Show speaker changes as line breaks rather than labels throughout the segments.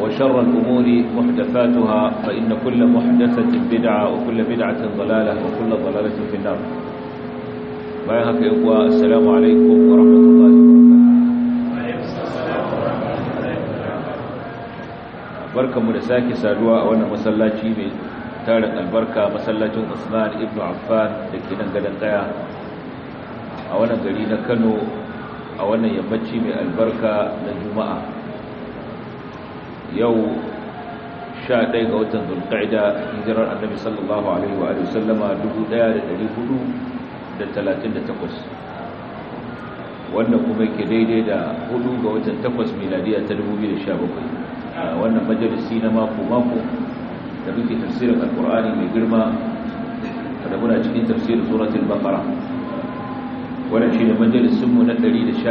وشر الأمور محدثاتها فإن كل محدثة بدعة وكل بدعة ضلالة وكل ضلالة في النار بايهك إخوة السلام
عليكم ورحمة الله
barkan mu da sake saduwa a wannan masallaci mai tarin albarka masallacin Usman ibn Affan da ke nan gadan kaya a wannan gari na Kano a wannan yammaci mai albarka na Juma'a yau ɗai ga watan zulqa'ida hijirar annabi sallallahu alaihi wa talatin da takwas Wannan kuma yake daidai da hudu ga watan takwas miladiya ta dubu biyu da sha bakwai. wannan majalisi na mako mako da muke tafsirin alƙur'ani mai girma da muna cikin tafsirin suratul baqara wannan shine majalisin mu na 111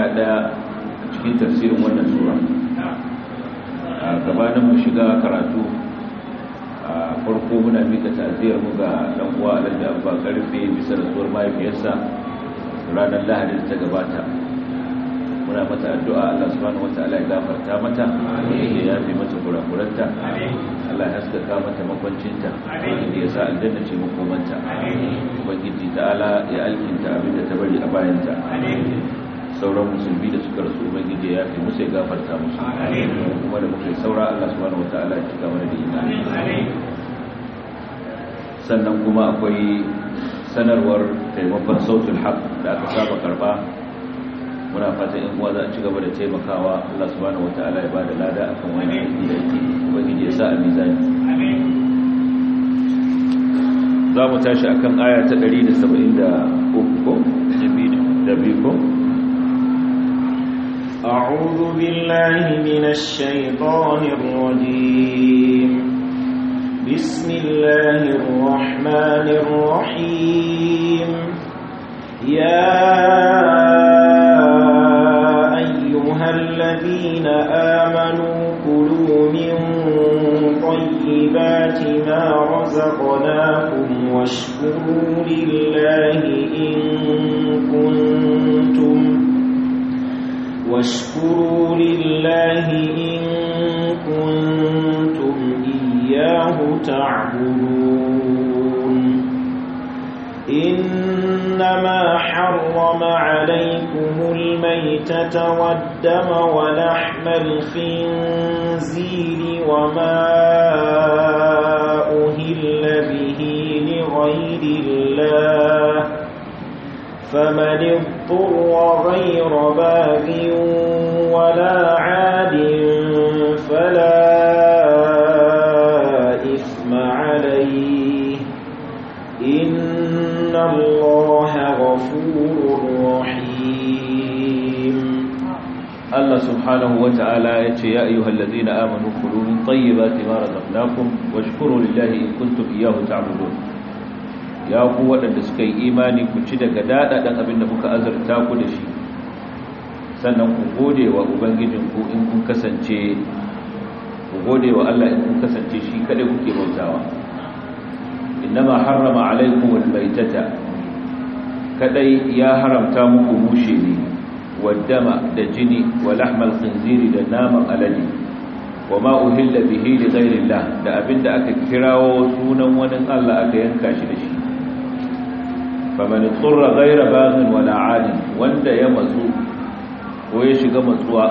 cikin tafsirin wannan sura a gabanin mu shiga karatu a farko muna mika ta'aziyar mu ga dan uwa da abba karfe bisa rasuwar mahaifiyarsa ranar lahadin ta gabata muna mata addu'a Allah subhanahu wataala ya gafarta mata ya yafe mata kurakuranta Allah ya haskaka mata makwancinta amin ya sa aljanna ce makomanta ubangiji ta'ala ya alkinta abinda ta bari a bayanta sauran musulmi da suka rasu ubangiji ya fi musai gafarta musu kuma da muka saura Allah subhanahu wataala ya cika mana da imani sannan kuma akwai sanarwar taimakon sautin haq da aka saba karba muna fatan in uwa za a ci gaba da taimakawa Allah subhanahu ala ya bada lada akan wani aiki da yake ubangiji ya sa a mizani za mu tashi akan aya ta 173 ko da biyu ko
أعوذ بالله من الشيطان الرجيم بسم الله الرحمن الرحيم يا أيها الذين آمنوا كلوا من طيبات ما رزقناكم واشكروا لله إن كنتم واشكروا لله إن كنتم إياه تعبدون إنما حرم عليكم الميتة والدم ولحم الخنزير وما أهل به لغير الله فمن اضطر غير باغ ولا عاد فلا إثم عليه إن الله غفور رحيم الله
سبحانه وتعالى يا أيها الذين آمنوا خلوا من طيبات ما رزقناكم واشكروا لله إن كنتم إياه تعبدون ya ku waɗanda suka yi imani ku ci daga daɗaɗan abin da muka azurta ku da shi sannan ku gode wa ubangijinku in kun kasance ku gode wa Allah in kun kasance shi kaɗai kuke bautawa ma harrama alaikum albaitata kaɗai ya haramta muku mushe ne waddama da jini wa lahmal khinziri da naman alade wa ma uhilla bihi li ghairillah da abinda aka kirawo sunan wani Allah aka yanka shi da shi faman tsurra ghayra baghin wani adin wanda ya matsu ko ya shiga matsuwa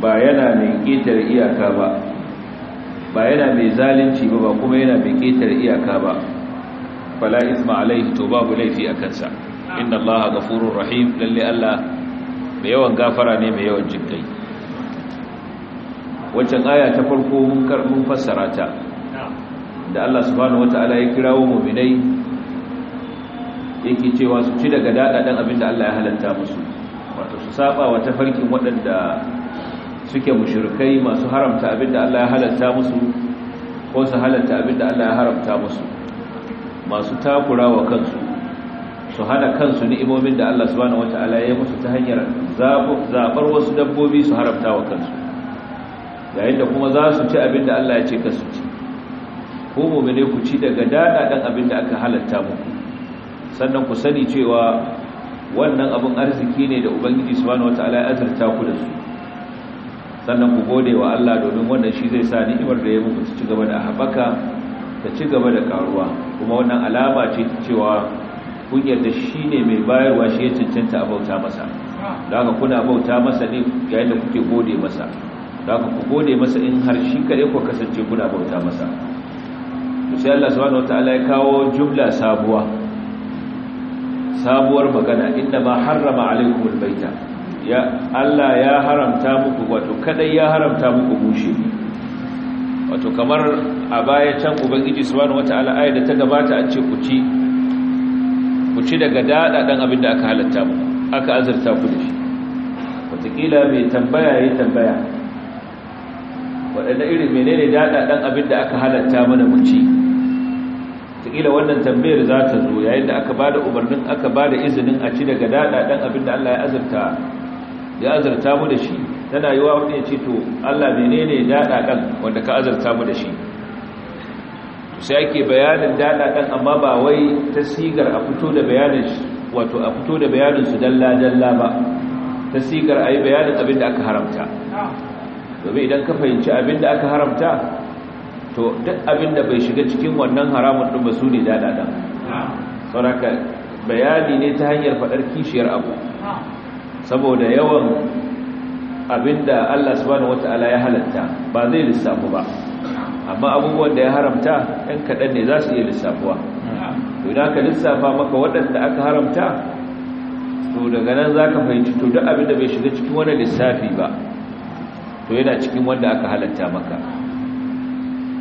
ba yana mai ketar iyaka ba ba yana mai zalunci ba ba kuma yana mai ketar iyaka ba fala isma alaihi to babu laifi a kansa inna allaha ghafurur rahim lalle allah mai yawan gafara ne mai yawan jinkai waccan aya ta farko mun fassara ta da allah subhanahu wataala ya kirawo mu'minai yake cewa su ci daga dadadan da Allah ya halatta musu wato su saba wa tafarkin waɗanda suke mushrikai masu haramta abin da Allah ya halatta musu ko su halatta da Allah ya haramta musu masu takurawa kansu su hana kansu ni'imomin da Allah subhanahu wataala ya musu ta hanyar zabar wasu dabbobi su haramta wa kansu yayin da kuma za su ci abin da Allah ya ce ka su ci ko mu ne ku ci daga dadadan da aka halatta muku sannan ku sani cewa wannan abin arziki ne da ubangiji subhanahu wata ya azurta ku da su sannan ku gode wa Allah domin wannan shi zai sa ni'imar da ya muku ci gaba da habaka ta ci gaba da karuwa kuma wannan alama ce ta cewa kun yarda shi ne mai bayarwa shi ya cancanta a bauta masa da haka kuna bauta masa ne yayin da kuke gode masa da haka ku gode masa in har shi kaɗai ku kasance kuna bauta masa to sai Allah subhanahu wataala ya kawo jumla sabuwa sabuwar magana inda ma harrama alaikum albaita ya Allah ya haramta muku wato kadai ya haramta muku bushe wato kamar a baya can ubangiji subhanahu wataala ayat da ta gabata an ce ku ci ku ci daga dadadan abin da aka halatta muku aka azurta ku dashi shi wataƙila mai tambaya ya tambaya waɗanda irin menene dadadan abin da aka halatta mana mu ci wataƙila wannan tambayar za ta zo yayin da aka ba da umarnin aka ba da izinin a ci daga daɗaɗen abin da Allah ya azurta ya azurta mu da shi tana yi wa wani ya ce to Allah menene daɗaɗen wanda ka azurta mu da shi sai ake bayanin daɗaɗen amma ba wai ta sigar a fito da bayanin wato a fito da bayanin su dalla-dalla ba ta sigar a yi bayanin abin da aka haramta domin idan ka fahimci abin da aka haramta to duk abin da bai shiga cikin wannan haramun ɗin ba su ne dadadan sauraka bayani ne ta hanyar faɗar kishiyar abu saboda yawan abin da allah subhanahu wata'ala ya halatta ba zai lissafu ba amma abubuwan da ya haramta ɗan kaɗan ne za su iya lissafuwa to idan ka lissafa maka waɗanda aka haramta to daga nan za ka fahimci to duk abin da bai shiga cikin wani lissafi ba to yana cikin wanda aka halatta maka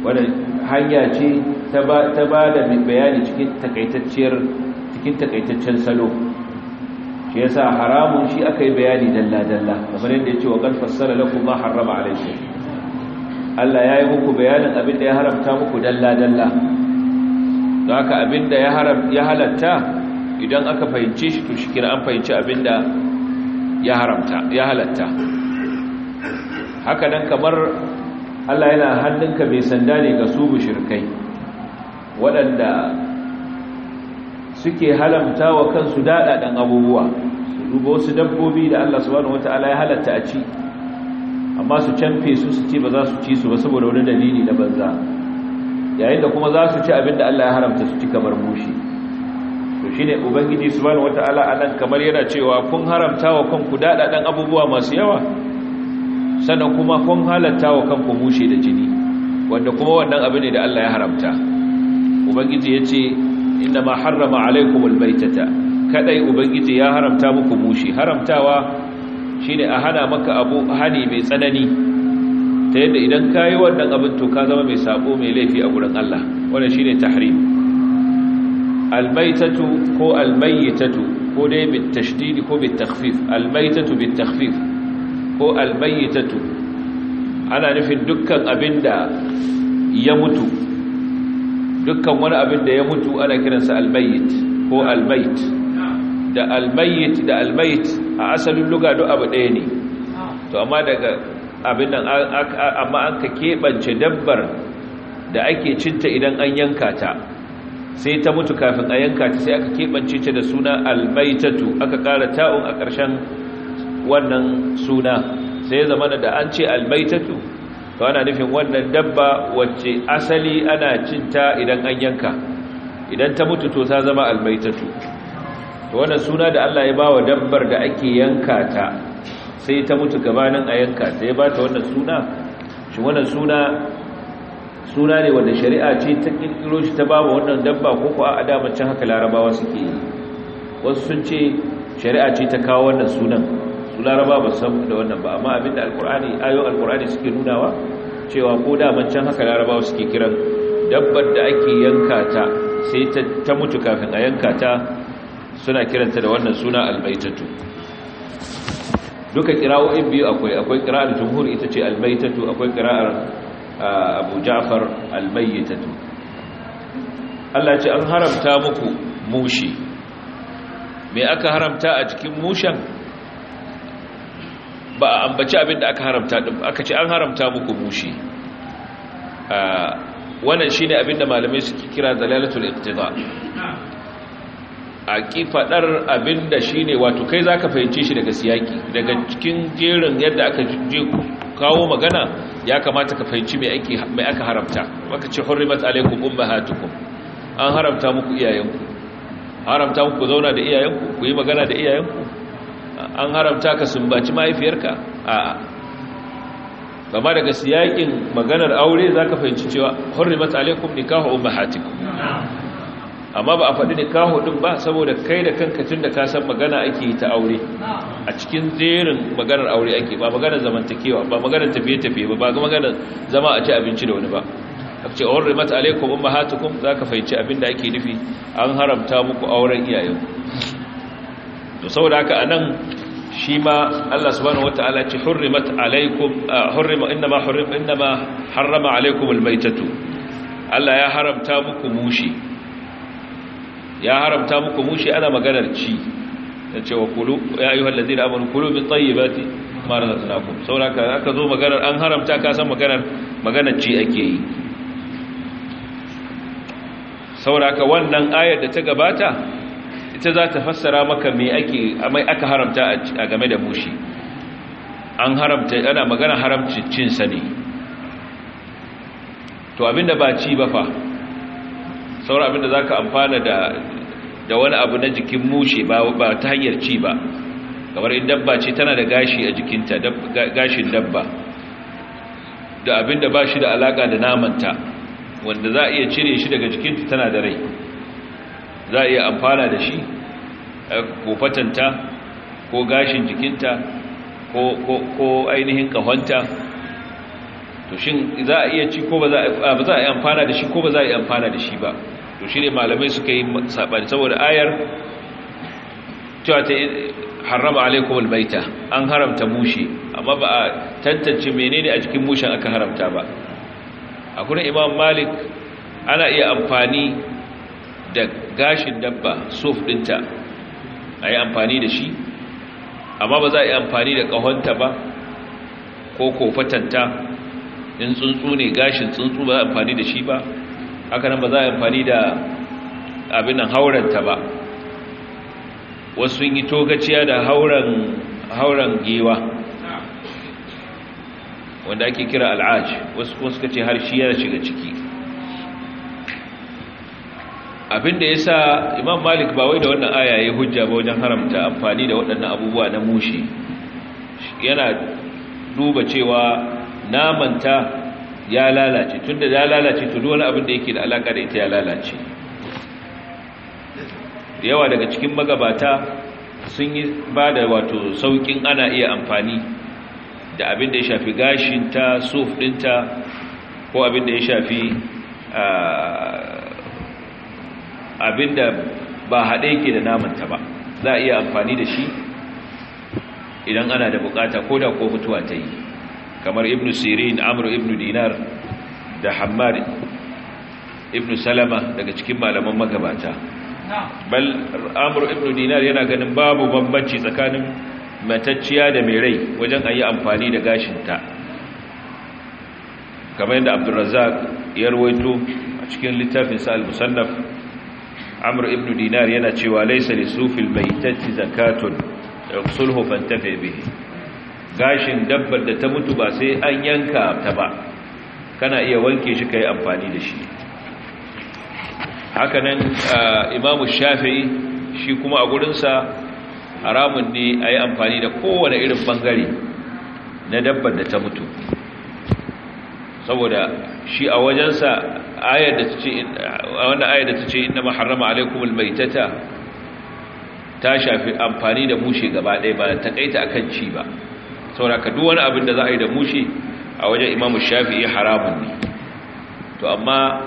wadda hanya ce ta ba da bayani cikin takaitaccen salo shi ya sa haramun shi aka yi bayani dalla-dalla kamar yadda ya ce wa ƙarfassara lakun ma harama alaikun Allah ya yi muku bayanin abin da ya haramta muku dalla-dalla da haka da ya halatta idan aka fahimci shi to shi an fahimci abinda ya haramta ya halatta haka nan kamar Allah yana hannunka bai sanda ne ga su bushirkai waɗanda suke halamta wa kansu daɗaɗen abubuwa su duba wasu dabbobi da Allah subhanahu wata'ala ya halatta a ci amma su canfe su su ce ba za su ci su ba saboda wani dalili na banza yayin da kuma za su ci abinda da Allah ya haramta su ci kamar mushi to shine ubangiji subhanahu wata'ala anan kamar yana cewa kun haramta wa kanku daɗaɗen abubuwa masu yawa sannan kuma kun halatta wa kanku mushe da jini wanda kuma wannan abu ne da Allah ya haramta ubangiji ya ce inna ma harrama alaikumul baitata kadai ubangiji ya haramta muku mushe haramtawa ne a hana maka abu hani mai tsanani ta yadda idan kayi wannan abin to ka zama mai sako mai laifi a gurin Allah wannan shine tahrim albaitatu ko almayyitatu ko dai bit ko bit takhfif almaitatu bit ko almayyitatu ana nufin dukkan abin da ya mutu dukkan wani abin da ya mutu ana kiransa albayit ko albayit da albayit da albayit a asalin luga duk abu ɗaya ne to amma daga abin nan amma an ka keɓance dabbar da ake cinta idan an yanka ta sai ta mutu kafin a yanka ta sai aka keɓance ta da suna almaitatu aka ƙara ta'un a ƙarshen wannan suna sai zama da an ce almaitatu to ana nufin wannan dabba wacce asali ana cinta idan an yanka idan ta mutu to ta zama almaitatu to wannan suna da Allah ya bawa dabbar da ake yanka ta sai ta mutu gabanin a yanka ta ya bata wannan suna shi wannan suna suna ne wanda shari'a ce ta kirkiro shi ta bawa wannan dabba ko ko a can haka larabawa suke yi wasu sun ce shari'a ce ta kawo wannan sunan su laraba ba san da wannan ba amma abinda alkur'ani ayo alkur'ani suke nunawa cewa ko da can haka larabawa suke kiran dabbar da ake yanka ta sai ta mutu kafin a yanka ta suna kiranta da wannan suna albaitatu duka in biyu akwai akwai kira'ar jumhur ita ce albaitatu akwai kira'ar abu ja'far albaitatu Allah ce an haramta muku mushi me aka haramta a cikin mushen ba a ambaci abin da aka haramta din aka ce an haramta muku mushi wannan shine abin da malamai suke kira dalalatul iqtida a ki fadar abin da shine wato kai zaka fahimce shi daga siyaki daga cikin jerin yadda aka je kawo magana ya kamata ka fahimci me ake me aka haramta maka ce hurrimat alaikum ummahatukum an haramta muku iyayenku haramta muku zauna da iyayenku ku yi magana da iyayenku an haramta ka sumbaci mahaifiyarka a kama daga siyakin maganar aure za ka fahimci cewa hurrimat alaikum nikahu ummahatikum amma ba a faɗi nikahu din ba saboda kai da kanka tun da ka san magana ake yi ta aure a cikin jerin maganar aure ake ba maganar zamantakewa ba maganar tafiye-tafiye ba ba maganar zama a ci abinci da wani ba a ce hurrimat alaikum ummahatukum za ka fahimci abin da ake nufi an haramta muku auren iyayen to saboda haka anan shi ma Allah subhanahu wata'ala ce hurrimat alaikum hurrima innama hurrim innama harrama alaikum almaytatu Allah ya haramta muku mushi ya haramta muku mushi ana maganar ci yace wa kulu ya ayyuhal ladina amanu kulu bit tayyibati ma razaqnakum sauraka aka zo maganar an haramta ka san maganar maganar ci ake yi sauraka wannan ayar da ta gabata ita za ta fassara maka ake mai aka haramta a game da bushi an haramta ana magana haramci cinsa ne to abinda ba ci ba fa sauran abinda zaka amfana da da wani abu na jikin mushe ba ba ta hanyar ci ba kamar in dabba ce tana da gashi a jikinta gashin dabba da abinda ba shi da alaka da namanta wanda za a iya cire shi daga jikinta tana da rai za a iya amfana da shi ko fatanta ko gashin jikinta ko ainihin kahonta to shi za a iya ci ko ba za a iya amfana da shi ko ba za a iya amfana da shi ba to shi ne malamai suka yi saɓani saboda ayar cewa ta harama alaikum albaita an haramta mushe amma ba a tantance menene a cikin mushen aka haramta ba a kunan imam malik ana iya amfani da gashin dabba sof ɗinta a yi amfani da shi amma ba za a yi amfani da ƙahonta ba ko kofatanta in tsuntsu ne gashin tsuntsu ba za a amfani da shi ba haka nan ba za a yi amfani da abin hauranta ba wasu yi togaciya da hauran gewa wanda ake kira al'aj wasu kuma suka ce har shi yana shiga ciki abinda ya sa imam malik ba wai da wannan aya ya hujja ba wajen haramta amfani da waɗannan abubuwa na mushi yana duba cewa namanta ya lalace tunda ya lalace to duk abin da yake da alaka da ita ya lalace yawa daga cikin magabata sun yi ba da wato saukin ana iya amfani da abin da ya shafi gashinta suf ɗinta ko abin da ya shafi ah, abinda ba haɗe ke da namanta ba za a iya amfani da shi idan ana da bukata ko da ko mutuwa ta yi kamar ibn sirin Amur ibn dinar da hammad ibn salama daga cikin malaman magabata bal amr ibn dinar yana ganin babu bambanci tsakanin matacciya da mai rai wajen a yi amfani da gashinta kamar yadda abdulrazak ya ruwaito a cikin littafin sa'al musannaf amr ibn dinar yana cewa laysa li sufil maitati zakatun yusulhu fantafi bihi gashin dabbar da ta mutu ba sai an yanka ta ba kana iya wanke shi kai amfani da shi hakanan ah, imamu shafi'i shi kuma a gurinsa haramun ne a yi amfani da kowane irin bangare na dabbar da ta mutu saboda shi a wajensa ayar da tace wannan ayar da tace inna maharrama alaikumul maitata ta shafi amfani da mushe gaba ɗaya ba ta kaita akan ci ba ka duk wani abin da za a yi da mushe a wajen imamu shafi'i haramun ne to amma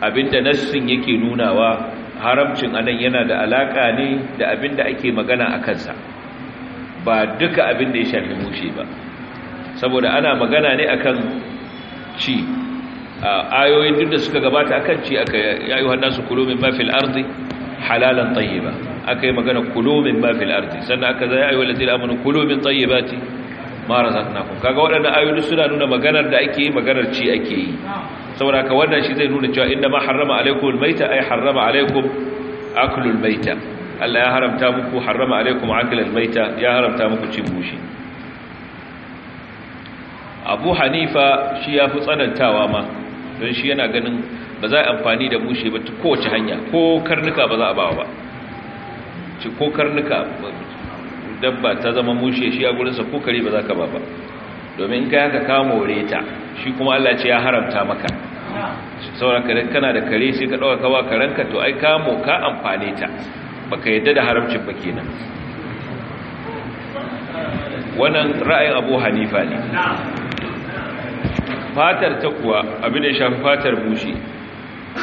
abin da nassin yake nunawa haramcin anan yana da alaka ne da abin abinda ake magana a kansa ba duka abin da ya shafi mushe ba saboda ana magana ne akan ci ayoyin duk da suka gabata akan ci aka ya yi wannan hannasu kulumin mafil arzi halalan tayyiba aka yi magana kulumin mafil arzi sannan aka zai ayyuwa lati amanu kulumin tayyibati ma razaqnakum kaga waɗannan ayoyi suna nuna maganar da ake yi maganar ci ake yi saboda ka wannan shi zai nuna cewa inda ma harrama alaikum almayta ay harrama alaikum aklul mayta Allah ya haramta muku harrama alaikum aklul mayta ya haramta muku cin bushi abu hanifa shi ya fi tsanantawa ma don shi yana ganin ba za a amfani da mushe ba kowace hanya ko karnuka ba za a bawa ba ko karnuka dabba ta zama mushe shi a gurinsa ko kare ba za ka ba ba domin ka haka ka more ta shi kuma Allah ce ya haramta maka saura kare kana da kare sai ka ɗauka kawa karenka to ai kamo ka amfane ta baka yadda da haramcin ba kenan wannan ra'ayin abu hanifa ne fatar ta kuwa abin da ya shafi fatar bushi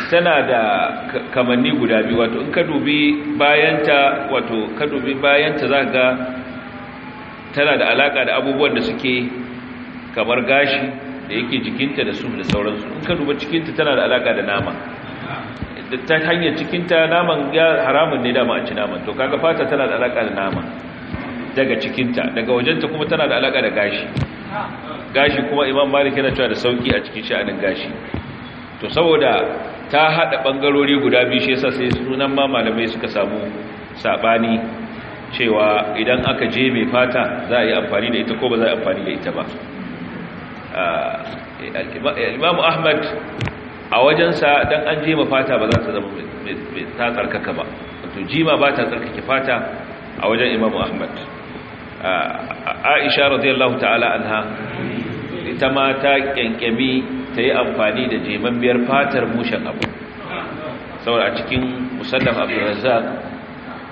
tana da kamanni guda biyu wato in ka dubi bayanta wato ka dubi bayanta za ga tana da alaka da abubuwan da suke kamar gashi da yake jikinta da su da sauransu in ka duba cikinta tana da alaka da nama ta hanyar cikinta naman ya haramun ne dama a ci naman to kaga fata tana da alaka da nama daga cikinta daga wajenta kuma tana da alaka da gashi gashi kuma imam malik yana cewa da sauki a cikin sha'anin gashi to saboda ta hada bangarori guda biyu shi yasa sai sunan ma malamai suka samu sabani cewa idan aka je mai fata za a yi amfani da ita ko ba za a yi amfani da ita ba ah, imam ahmad a wajensa dan an je fata ba za ta zama mai ta tsarkaka ba to jima ba ta tsarkake fata a wajen imam ahmad ah, aisha radiyallahu ta'ala anha ita ma ta kyankyami ta yi amfani da jemammiyar fatar mushen abu
saboda a cikin musallam raza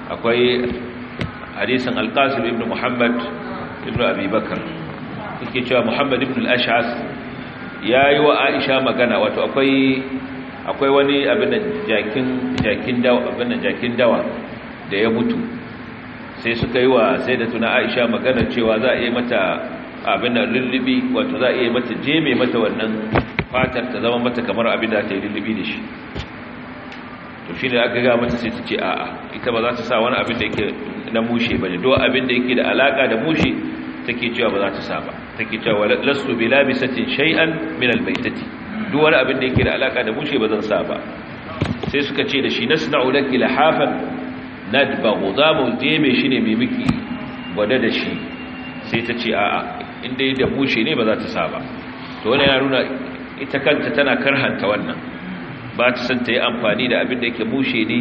akwai hadisan alkasir ibn muhammad ibn abi bakar cewa muhammad ibn al-ash'as yi wa aisha magana wato akwai akwai wani abin da jakin dawa da ya mutu sai suka yi wa sai da tuna aisha magana cewa za a yi mata abin da lullubi wato za a iya mata jeme mata wannan fatar ta zama mata kamar abin da ta yi lullubi da shi to shi ne aka ga mata sai ta ce a'a ita ba za ta sa wani abin da yake na mushe ba ne do abin da yake da alaka da mushe take cewa ba za ta sa ba take cewa lasu bi labisatin shay'an min albaytati Do wani abin da yake da alaka da mushe ba zan sa ba sai suka ce da shi nasna'u laki lahafan nadbaghu za mu je shi ne mai miki gwada da shi sai ta ce a'a inda yi da bushe ne ba za ta sa ba to wani ya nuna ita kanta tana karhanta wannan ba ta san ta yi amfani da abin da yake mushe ne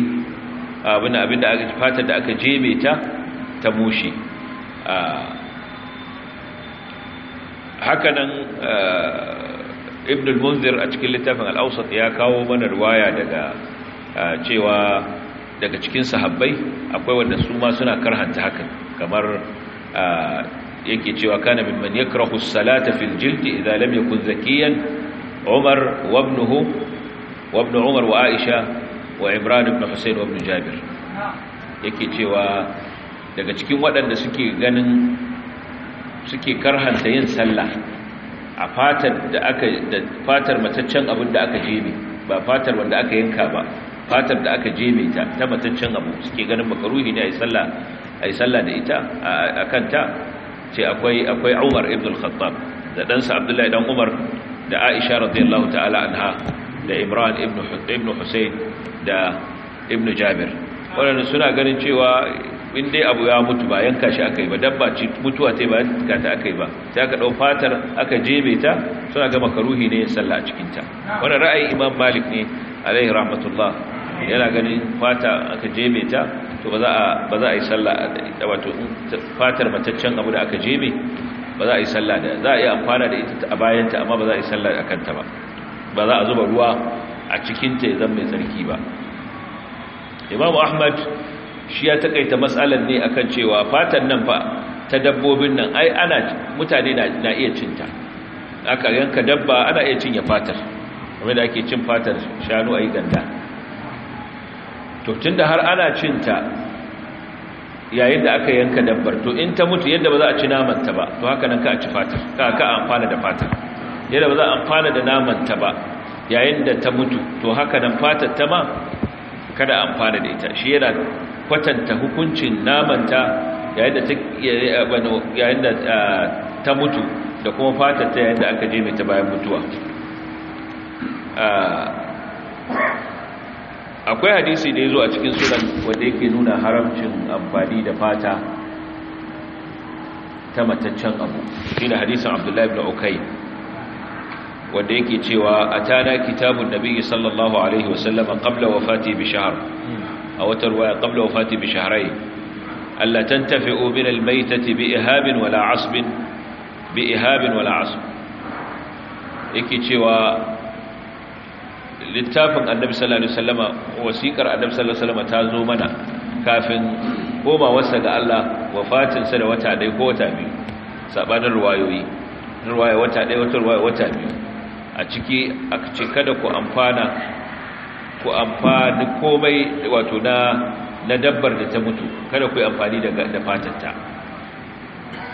abin da abin da aka fata da aka jebe ta ta mushe hakanan ibn al-munzir a cikin littafin al-awsat ya kawo mana riwaya daga cewa daga cikin sahabbai akwai wanda su ma suna karhanta hakan kamar yake cewa kana mimman yakrahu salata fil jild idza lam yakun zakiyan Umar wa ibnuhu wa ibn Umar wa Aisha wa ibn Husayn wa ibn Jabir yake cewa daga cikin waɗanda suke ganin suke karhanta yin sallah a fatar da aka da fatar mataccen abin da aka jebe ba fatar wanda aka yanka ba fatar da aka jebe ta ta mataccen abu suke ganin makaruhi ne ayi sallah ayi sallah da ita a kanta ce akwai akwai Umar ibn al-Khattab da ɗansa Abdullahi dan Umar da Aisha radiyallahu ta'ala anha da Imran ibn ibn da ibn Jabir waɗanda suna ganin cewa in dai abu ya mutu ba yanka shi aka ba dabba ce mutuwa ta ba yanka ta aka ba sai aka ɗau fatar aka jebe ta suna ga makaruhi ne sallah a cikinta ra'ayin imam malik ne alaihi rahmatullah yana ganin fata aka jebe ta to ba za a yi sallah da wato fatar mataccen abu da aka jeme ba za a yi sallah da za a yi amfana da ita a bayanta amma ba za a yi sallah a kanta ba ba za a zuba ruwa a cikinta ya zama mai tsarki ba imam ahmad shi ya takaita matsalar ne akan cewa fatan nan fa ta dabbobin nan ai ana mutane na iya cinta aka yanka dabba ana iya cinye fatar wanda ake cin fatar shanu a yi ganta to tunda har ana cinta yayin da aka yanka dabbar to in ta mutu yadda ba za a ci ta ba to haka nan ka a ci fatar ka ka amfana da fatar yadda ba za a amfana da naman ta ba yayin da ta mutu to haka nan fatar ta ma kada amfana da ita shi yana kwatanta hukuncin ta yayin da ta yayin da ta mutu da kuma fatar ta yayin da aka je mai ta bayan mutuwa akwai hadisi da ya zo a cikin sunan wanda yake nuna haramcin amfani da fata ta mataccen abu shi ne hadisin abdullahi ibn ukai wanda yake cewa a tana kitabun nabi sallallahu alaihi wasallama qabla wa Fati Bishahar, a wata ruwaya qabla wafati bi shahrayn alla tantafi'u min al-maytati bi ihabin wala asbin bi ihabin wala asb yake cewa littafin annabi sallallahu alaihi wasallama wasiƙar annabi sallallahu alaihi wasallama ta zo mana kafin komawarsa ga Allah sa da wata ɗaya ko wata biyu sabanin ruwayoyi ruwaya wata ɗaya wata ruwaya wata biyu a ciki a ce kada ku amfana ku amfani komai wato na na dabbar da ta mutu kada ku yi amfani da da fatanta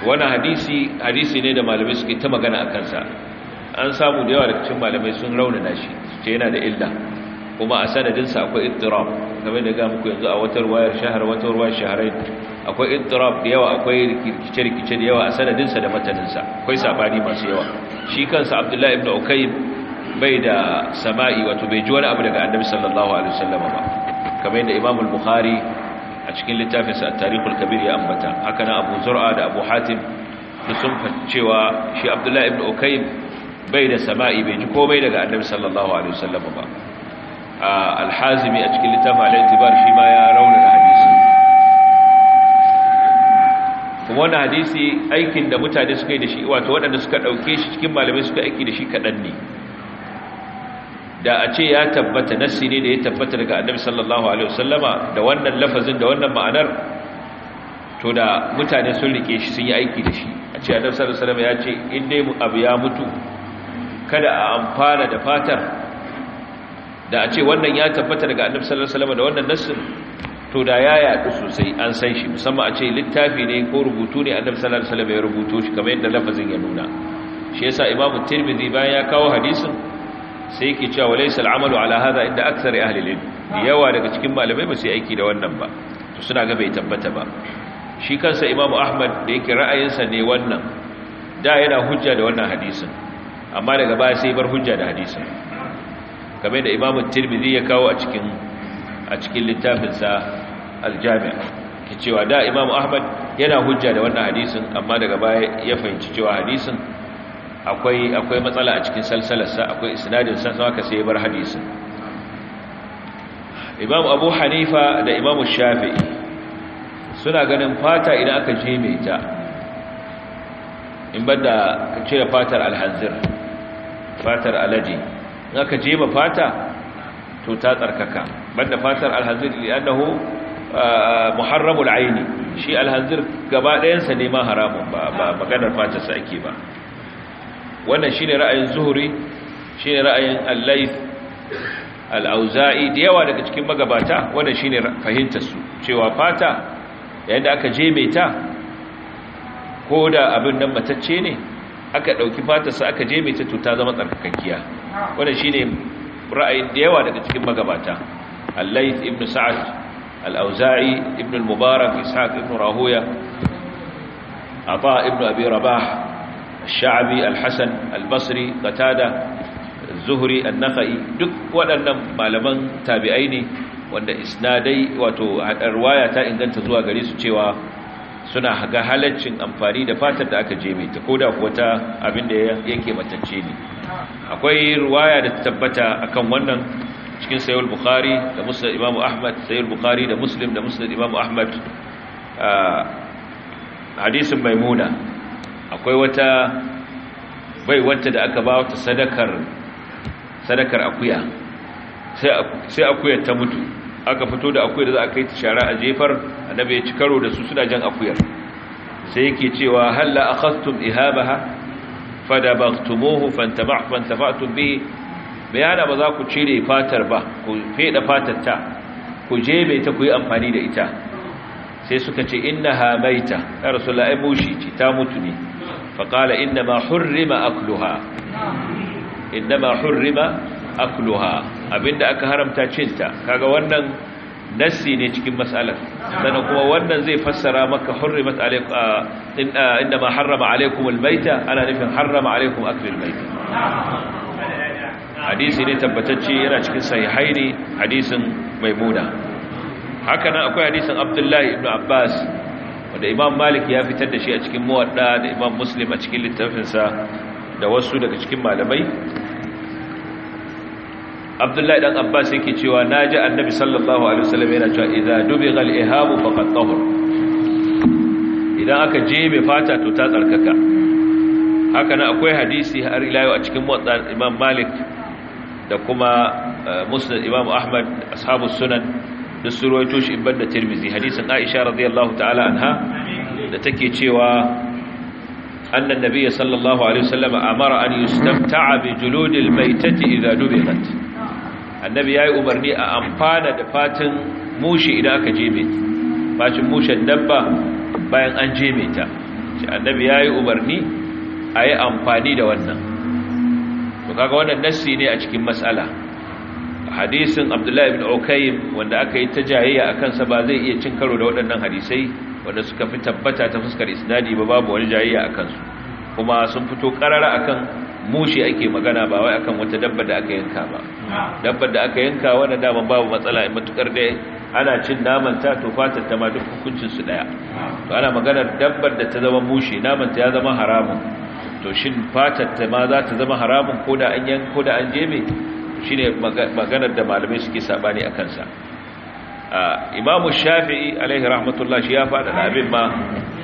wannan hadisi hadisi ne da malamai suke ta magana a kansa an samu da yawa daga cikin malamai sun raunana shi ce yana da illa kuma a sanadinsa akwai ittirab kamar da ga muku yanzu a watar wayar shahar watar wayar shaharai akwai ittirab da yawa akwai rikice-rikice da yawa a sanadinsa da mataninsa akwai sabani masu yawa shi kansa abdullahi ibn ukayb bai da sama'i wato bai ji wani abu daga annabi sallallahu alaihi wasallam ba kamar da imam al-bukhari a cikin littafinsa at-tarikh al-kabir ya ambata haka nan abu zur'a da abu hatim da sun cewa shi abdullahi ibn ukayb bai da sama'i bai ji komai daga annabi sallallahu alaihi wasallam ba al-hazimi a cikin littafin al-intibar shi ma ya raunana hadisi kuma wannan hadisi aikin da mutane suka yi da shi wato waɗanda suka ɗauke shi cikin malamai suka aiki da shi kaɗan ne da a ce ya tabbata nassi ne da ya tabbata daga annabi sallallahu alaihi wasallama da wannan lafazin da wannan ma'anar to da mutane sun rike shi sun yi aiki da shi a ce annabi sallallahu alaihi wasallama ya ce in dai abu ya mutu kada a amfana da fatar da a ce wannan ya tabbata daga annabi sallallahu alaihi wasallam da wannan nassin to da ya yaɗu sosai an san shi musamman a ce littafi ne ko rubutu ne annabi sallallahu alaihi wasallam ya rubuto shi kamar yadda lafazin ya nuna shi yasa imamu tirmidhi bayan ya kawo hadisin sai yake cewa walaysa al'amalu ala hadha inda aktsari ahli al-ilm yawa daga cikin malamai ba su aiki da wannan ba to suna ga bai tabbata ba shi kansa imamu ahmad da yake ra'ayinsa ne wannan da yana hujja da wannan hadisin amma daga baya sai bar hujja da hadisi kamar da imamu tirmidhi ya kawo a cikin a cikin littafinsa aljami'a ke cewa da imamu ahmad yana hujja da wannan hadisin amma daga baya ya fahimci cewa hadisin akwai akwai matsala a cikin salsalarsa akwai isnadin sa haka sai bar hadisin imamu abu hanifa da imamu shafi'i suna ganin fata idan aka je ta in banda cire fatar alhanzir fatar alaji in aka jema fata to ta tsarkaka banda fatar alhazir li'annahu muharramul aini shi alhazir gaba ɗayansa ne ma haramun ba maganar fatarsa ake ba wannan shi ne ra'ayin zuhuri shi ne ra'ayin al al'auza'i da yawa daga cikin magabata wannan shi ne su cewa fata yayin da aka jeme ta ko da abin nan matacce ne aka ɗauki fatarsa aka je mai ta zama tsarkakakkiya wanda shi ne ra'ayin da yawa daga cikin magabata allait ibn sa'ad al'auza'i ibn al-mubarak ishaq ibn rahoya ata ibn abi rabah sha'abi al-hasan qatada zuhri an duk waɗannan malaman tabi'ai ne wanda isnadai wato waya ta inganta zuwa gare su cewa suna ga halaccin amfani da fatar da aka je mai ta koda kuwa ta abin da yake matacce ne akwai ruwaya da tabbata akan wannan cikin sayyid bukhari da musnad imamu ahmad sayyid bukhari da muslim da musnad imamu ahmad hadisin maimuna akwai wata bai wata da aka ba wata sadakar sadakar akuya sai akuya ta mutu aka fito da akuyar da za a kai ta shara a jefar annabi ya ci karo da su suna jan akuyar sai yake cewa halla akhastum ihabaha fadabahtumuhu fantamah fantafa'tum bihi bayana ba za ku cire fatar ba ku feda fatar ta ku jebe ta ku yi amfani da ita sai suka ce innaha maita ya rasulullahi ai mushi ce ta mutu ne fa qala inna ma hurrima akluha inna hurrima akluha Abin da aka haramta cinta kaga wannan nassi ne cikin matsalar, sannan kuma wannan zai fassara maka hurrimat alaykum inda ma harrama alaikum almaita ana nufin harrama alaikum aklil maita hadisi ne tabbatacce yana cikin sahihaini hadisin maimuna haka nan akwai hadisin abdullahi ibn abbas wanda imam malik ya fitar da shi a cikin muwadda da imam muslim a cikin littafinsa da wasu daga cikin malamai abdullahi dan abbas yake cewa naji annabi sallallahu alaihi wasallam yana cewa idza dubiga al-ihabu faqad tahur idan aka jebe fata to ta tsarkaka haka nan akwai hadisi har ila yau a cikin muwatta imam malik da kuma eh, musnad imam ahmad ashabus sunan da surwaito shi ibn da tirmizi hadisin aisha radiyallahu ta'ala anha da take cewa annan nabiyyi sallallahu alaihi wasallam amara an yustamta'a bi juludil maytati idza dubigat annabi ya yi umarni a amfana da fatin mushi idan aka jeme ta fatin mushen dabba bayan an jeme ta shi annabi ya yi umarni a yi amfani da wannan to kaga wannan nassi ne a cikin matsala hadisin abdullahi ibn ukayyim wanda aka yi ta jayayya a ba zai iya cin karo da waɗannan hadisai wanda suka fi tabbata ta fuskar isnadi ba babu wani jayayya a kansu kuma sun fito ƙarara akan mushi ake magana ba wai akan wata dabba da aka yanka ba dabbar da aka yanka da daman babu matsala in matukar dai ana cin naman ta to fatar ta ma duk hukuncin su daya to ana magana dabbar da ta zama mushi naman ta ya zama haramun to shin fatar ta ma za ta zama haramun ko da an ko da an jebe shine maganar da malamai suke sabani akan sa imamu shafi'i alaihi rahmatullah shi ya da abin ma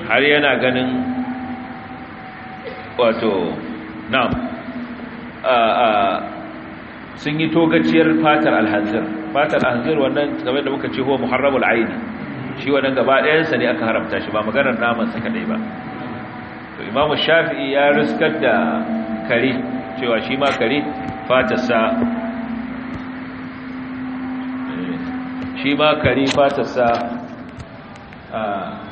har yana ganin wato na'am sun yi togaciyar fatar alhanzir fatar alhanzir wannan game da muka ce huwa muharramul aini shi wannan gaba ɗayansa ne aka haramta shi ba maganar naman sa kadai ba to imamu shafi'i ya riskar da kare cewa shi ma kare fatarsa eh, shi ma kare fatarsa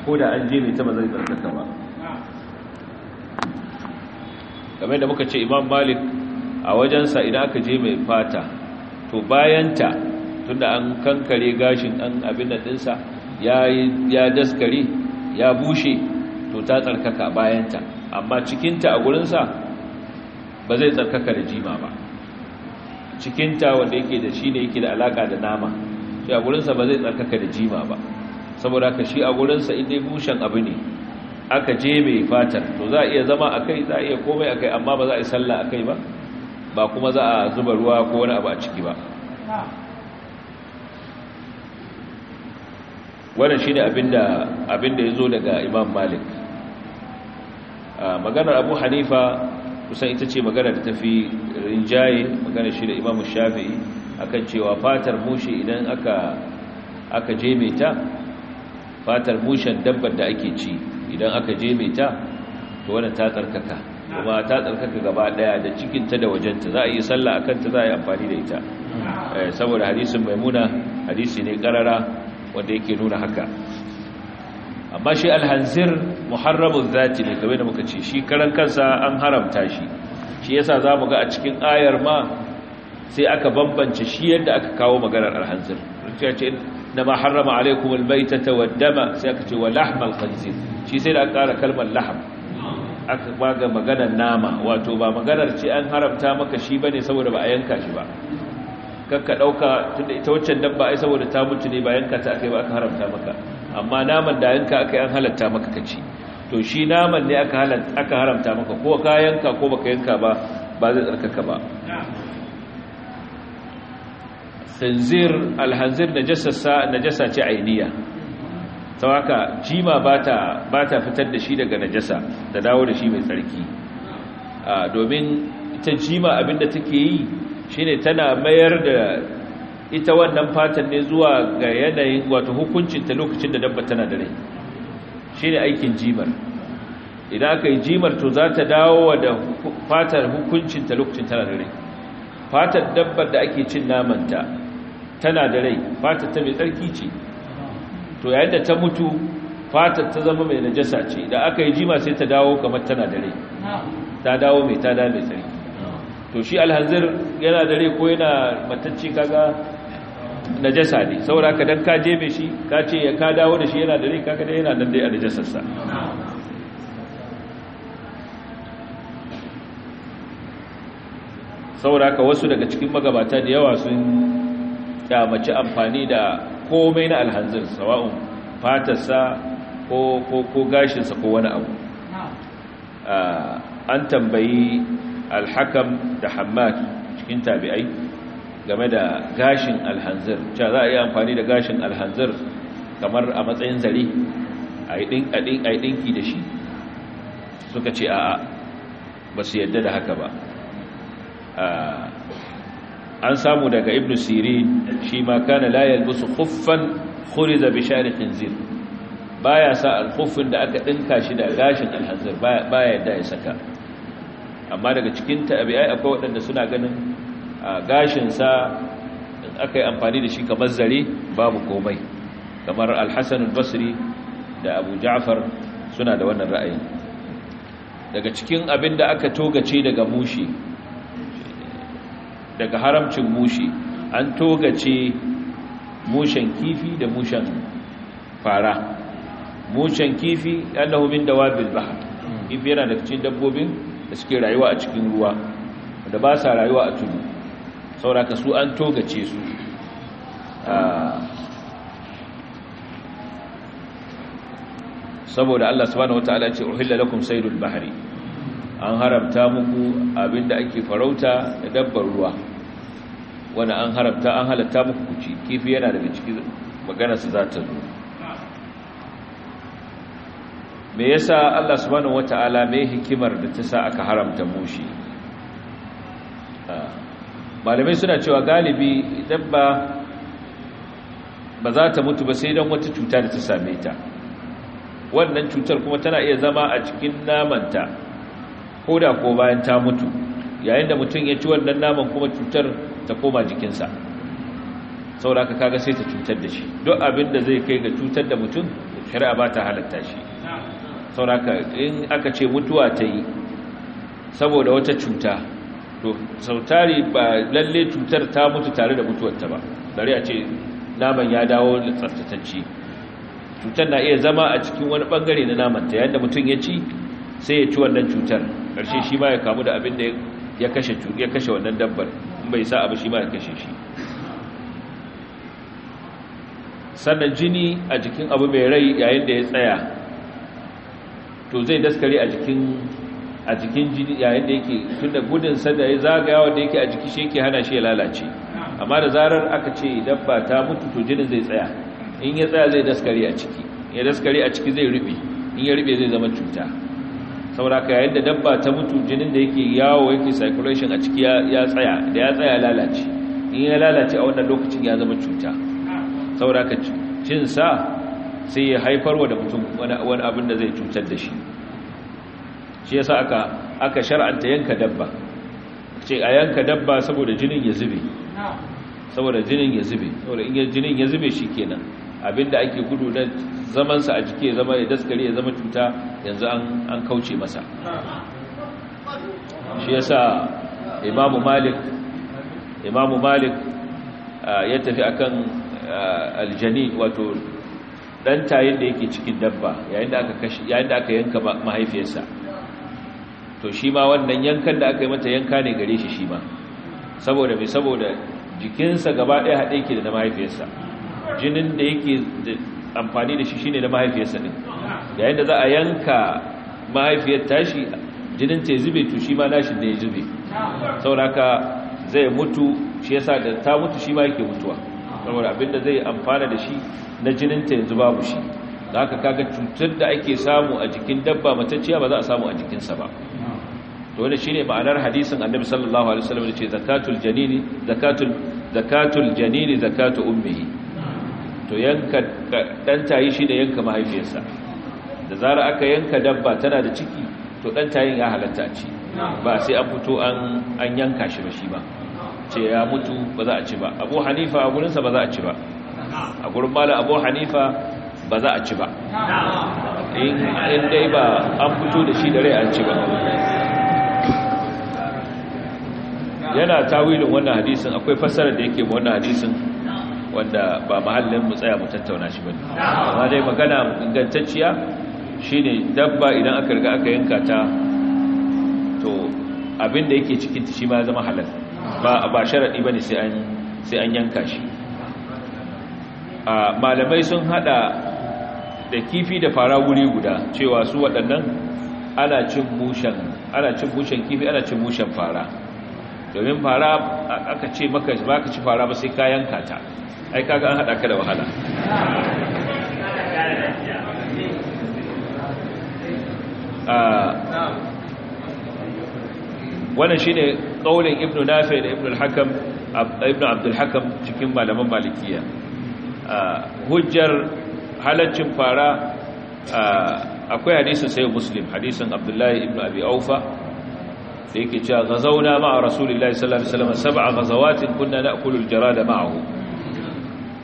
ko da an jebe ta ba zai tsarkaka ba game da muka ce imam malik a wajensa idan aka je mai fata to bayanta tunda an kankare gashin ɗan abin da dinsa ya daskare ya bushe to ta tsarkaka bayanta amma cikinta a gurinsa ba zai tsarkaka da jima ba cikinta wanda yake da shi ne yake da alaka da nama shi a gurinsa ba zai tsarkaka da jima ba saboda ka shi a gurinsa inda ya bushen abu ne aka je mai fatar to za a iya zama a kai za a iya komai a kai amma ba za a yi sallah a kai ba ba kuma za a zuba ruwa ko wani abu a ciki ba wannan shine abinda ya zo daga Imam Malik maganar Abu Hanifa kusan ita ce maganar da fi rinjaye maganar shi da Imam Shafi'i akan cewa fatar mushi idan aka aka ta fatar mushen dabbar da ake ci idan aka jeme ta to wannan ta tsarkaka kuma ta tsarkaka gaba daya da cikinta da wajenta za a yi sallah a kanta za a yi amfani da ita eh, saboda hadisin maimuna hadisi ne karara wanda yake nuna haka amma shi alhanzir muharrabun zati ne kamar da muka ce shi karan kansa an haramta shi shi yasa za mu ga a cikin ayar ma sai aka bambance shi yadda aka kawo maganar alhanzir da ma harrama alaikum baita ta waddama sai aka ce wa lahmal khanzir shi sai da aka kara kalmar laham aka baga maganar nama wato ba maganar ce an haramta maka shi ba ne saboda ba a yanka shi ba kakka ɗauka tunda ita waccan dabba ai saboda ta mutu ne ba yanka ta aka yi ba aka haramta maka amma naman da yanka aka yi an halatta maka ka ci to shi naman ne aka haramta maka ko ka yanka ko baka yanka ba ba zai tsarkaka ba sanzir alhanzir najasa ce ainiya sau jima ba ta fitar da shi daga najasa da dawo da shi mai tsarki domin ita jima abin abinda take yi shine tana mayar da ita wannan fatan ne zuwa ga yanayin wato hukuncinta lokacin da dabba tana da rai shine aikin jimar idan aka yi jimar to za ta dawo da fatar hukuncinta lokacin tana da rai fatar dabbar da ake cin namanta tana da rai fatar ta mai tsarki ce to yayin da ta mutu fatar ta zama mai najasa ce da aka yi jima sai ta dawo kamar tana dare ta dawo mai ta dawo mai tsari to shi alhanzir yana dare ko yana matacci kaga najasa ne saboda ka dan ka jebe shi ka ce ya ka dawo da shi yana dare kaga dai yana dan dai a najasarsa saboda ka wasu daga cikin magabata da yawa sun kyamaci amfani da komai na alhanzir sawa'un fatarsa ko ko gashinsa ko wani abu ah, an tambayi alhakam da hammad cikin tabi'ai game da gashin alhanzir cewa za a yi amfani da gashin alhanzir kamar a matsayin zare a yi ɗinki da shi suka ce a'a ba su yadda da haka ba ah, an samu daga Ibnu siri shi ma kana la yalbisu khuffan khuriza bi shari khinzir baya sa al da aka ɗinka shi da gashin al ba baya yadda ya saka amma daga cikin tabi'ai akwai waɗanda suna ganin gashin sa aka yi amfani da shi kamar zare babu komai kamar al basri da abu ja'far suna da wannan ra'ayi daga cikin abin da aka togace daga mushi daga haramcin mushi an togace mushen kifi da mushen fara mushen kifi annahu da wabin ba kifi yana da cikin dabbobin da suke rayuwa a cikin ruwa da ba sa rayuwa a tudu sauraka su an togace su ah, saboda Allah subhanahu wataala ya ce uhilla lakum saydul bahri an haramta muku abinda ake farauta da dabbar ruwa wani an haramta an halatta muku kuci kifi yana daga cikin maganarsa za ta zo me yasa Allah subhanahu wata'ala mai hikimar da ta sa aka haramta mushi ah, malamai suna cewa galibi idan ba za ta mutu ba sai don wata cuta da ta same ta wannan cutar kuma tana iya zama a cikin namanta ko da ko bayan ta mutu yayin da mutum ya ci wannan naman kuma cutar ta koma jikinsa da aka kaga sai ta cutar da shi duk abin da zai kai ga cutar da mutum shari'a ba ta halatta shi da aka in aka ce mutuwa ta yi saboda wata cuta to sautari ba lalle cutar ta mutu tare da mutuwarta ba bari a ce naman ya dawo da tsaftatacci cutar na iya zama a cikin wani bangare na naman ta yadda mutum ya ci sai ya ci wannan cutar ƙarshe shi ma ya kamu da abin da ya kashe wannan dabbar bai sa abu shi ma ya kashe shi sannan jini a jikin abu mai rai yayin da ya tsaya to zai daskare a jikin a jikin jini yayin da yake tun da gudun sanda ya zagaya wanda yake a jiki shi yake hana shi ya lalace amma da zarar aka ce dabba ta mutu to jinin zai tsaya in ya tsaya zai daskare a ciki ya daskare a ciki zai rubi in ya rube zai zama cuta sauraka yayin da dabba ta mutu jinin da yake yawo yake circulation a ciki ya tsaya da ya tsaya lalace in ya lalace a wannan lokacin ya zama cuta sauraka cin sa sai ya haifarwa da mutum wani abin da zai cutar da shi shi yasa aka aka shar'anta yanka dabba ce a yanka dabba saboda jinin ya zube saboda jinin ya zube saboda in jinin ya zube shikenan abinda ake gudu na zamansa a jiki ya zama ya daskare ya zama cuta yanzu an kauce masa shi yasa imamu malik imamu malik ya tafi akan aljani wato dan tayin da yake cikin dabba yayin da aka da aka yanka mahaifiyarsa to shi ma wannan yankan da aka yi mata yanka ne gare shi shi ma saboda mai saboda jikinsa gaba ɗaya haɗe ke da mahaifiyarsa jinin da yake amfani da shi shine da mahaifiyarsa din yayin da za a yanka mahaifiyar tashi jinin ta zube to shi ma nashi da ya zube sauraka zai mutu shi yasa da ta mutu shi ma yake mutuwa saboda abinda zai amfana da shi na jinin ta yanzu babu shi da aka kaga cutar da ake samu a jikin dabba matacciya ba za a samu a jikinsa ba to shi shine ma'anar hadisin annabi sallallahu alaihi wasallam da ce zakatul janini zakatul zakatul janini zakatu ummihi to yanka dan tayi shi da yanka mahaifiyarsa da zara aka yanka dabba tana da ciki to dan tayin ya halatta a ci ba sai an fito an an yanka shi ba shi ba ce ya mutu ba za a ci ba abu hanifa a gurinsa ba za a ci ba a gurin mala abu hanifa ba za a ci ba in dai ba an fito da shi da rai an ci ba yana tawilin wannan hadisin akwai fassarar da yake wannan hadisin wanda ba mahallin mu tsaya mu tattauna shi bane amma dai magana ingantacciya shine dabba idan aka riga aka yanka ta to abin da yake cikin shi ma zama halal ba ba sharadi bane sai an sai an yanka shi a malamai sun hada da kifi da fara wuri guda cewa su waɗannan ana cin mushen ana cin kifi ana cin bushen fara domin fara aka ce maka ba ka ci fara ba sai ka yanka ta ai kaga an hada ka da wahala ah, wannan shine kaulin ibnu nafi da ibnu al-hakam ibnu abdul hakam cikin malaman malikiya ah, hujjar halaccin fara ah, akwai hadisin sai muslim hadisin abdullahi ibnu abi aufa da yake cewa gazauna ma'a rasulillahi sallallahu alaihi wasallam sab'a gazawatin kunna na'kulu al-jarada ma'ahu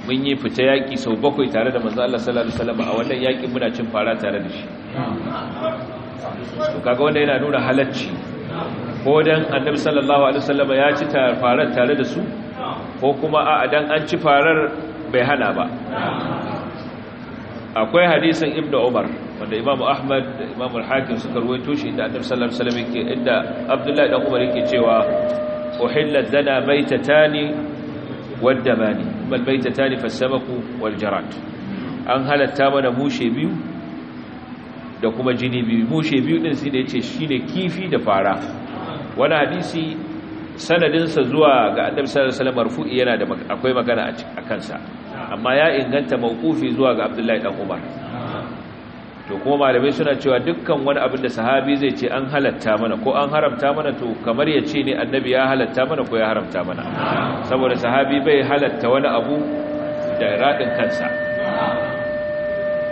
mun yi fita yaƙi sau bakwai tare da manzo Allah sallallahu alaihi wasallam a wannan yaƙin muna cin fara tare da shi to kaga wanda yana nuna halacci ko dan annabi sallallahu alaihi wasallam ya ci farar tare da su ko kuma a dan an ci farar bai hana ba akwai hadisin ibnu umar wanda imam ahmad da imam al-hakim suka ruwaito shi inda annabi sallallahu alaihi wasallam yake inda abdullahi dan umar yake cewa uhillat lana baitatani wadda bani balbaita baitatani fasabaku wal jarat an halatta mana mushe biyu da kuma jini biyu mushe biyu din su da yace shine kifi da fara wani hadisi sanadinsa zuwa ga adam sallallahu alaihi yana da akwai magana a kansa amma ya inganta mawqufi zuwa ga abdullahi dan umar to kuma malamai suna cewa dukkan wani abin da sahabi zai ce an halatta mana ko an haramta mana to kamar ya ce ne annabi ya halatta mana ko ya haramta mana saboda sahabi bai halatta wani abu da raɗin kansa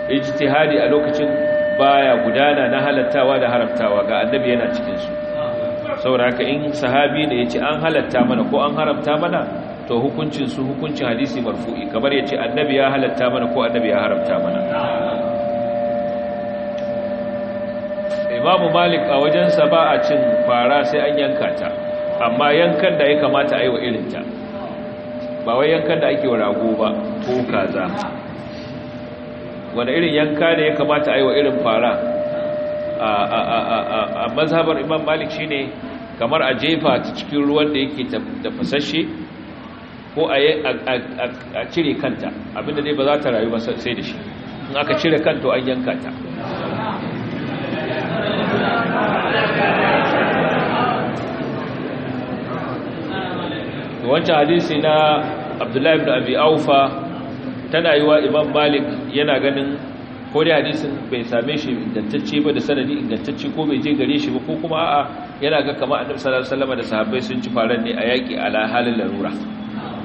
ijtihadi a lokacin baya gudana na halattawa da haramtawa ga annabi yana cikinsu su saboda haka in sahabi ne ya ce an halatta mana ko an haramta mana to hukuncin hukuncin hadisi marfu'i kamar ya ce annabi ya halatta mana ko annabi ya haramta mana imamu malik a wajensa ba a cin fara sai an yanka ta amma yankan da ya kamata a yi wa irinta ba wai yankan da ake wa rago ba ko kaza wanda irin yanka ne ya kamata a yi wa irin fara a mazhabar imam malik shine kamar a jefa ta cikin ruwan da yake tafasashe ko a cire kanta abinda dai ba za ta rayu ba sai da shi in aka cire kanta an yanka ta wancan hadisi na abdullahi ibn abi aufa tana yi wa imam malik yana ganin ko dai hadisin bai same shi ingantacce ba da sanadi ingantacce ko bai je gare shi ba ko kuma a'a yana ga kamar annabi sallallahu alaihi wasallam da sahabbai sun ci faran ne a yaki ala halin larura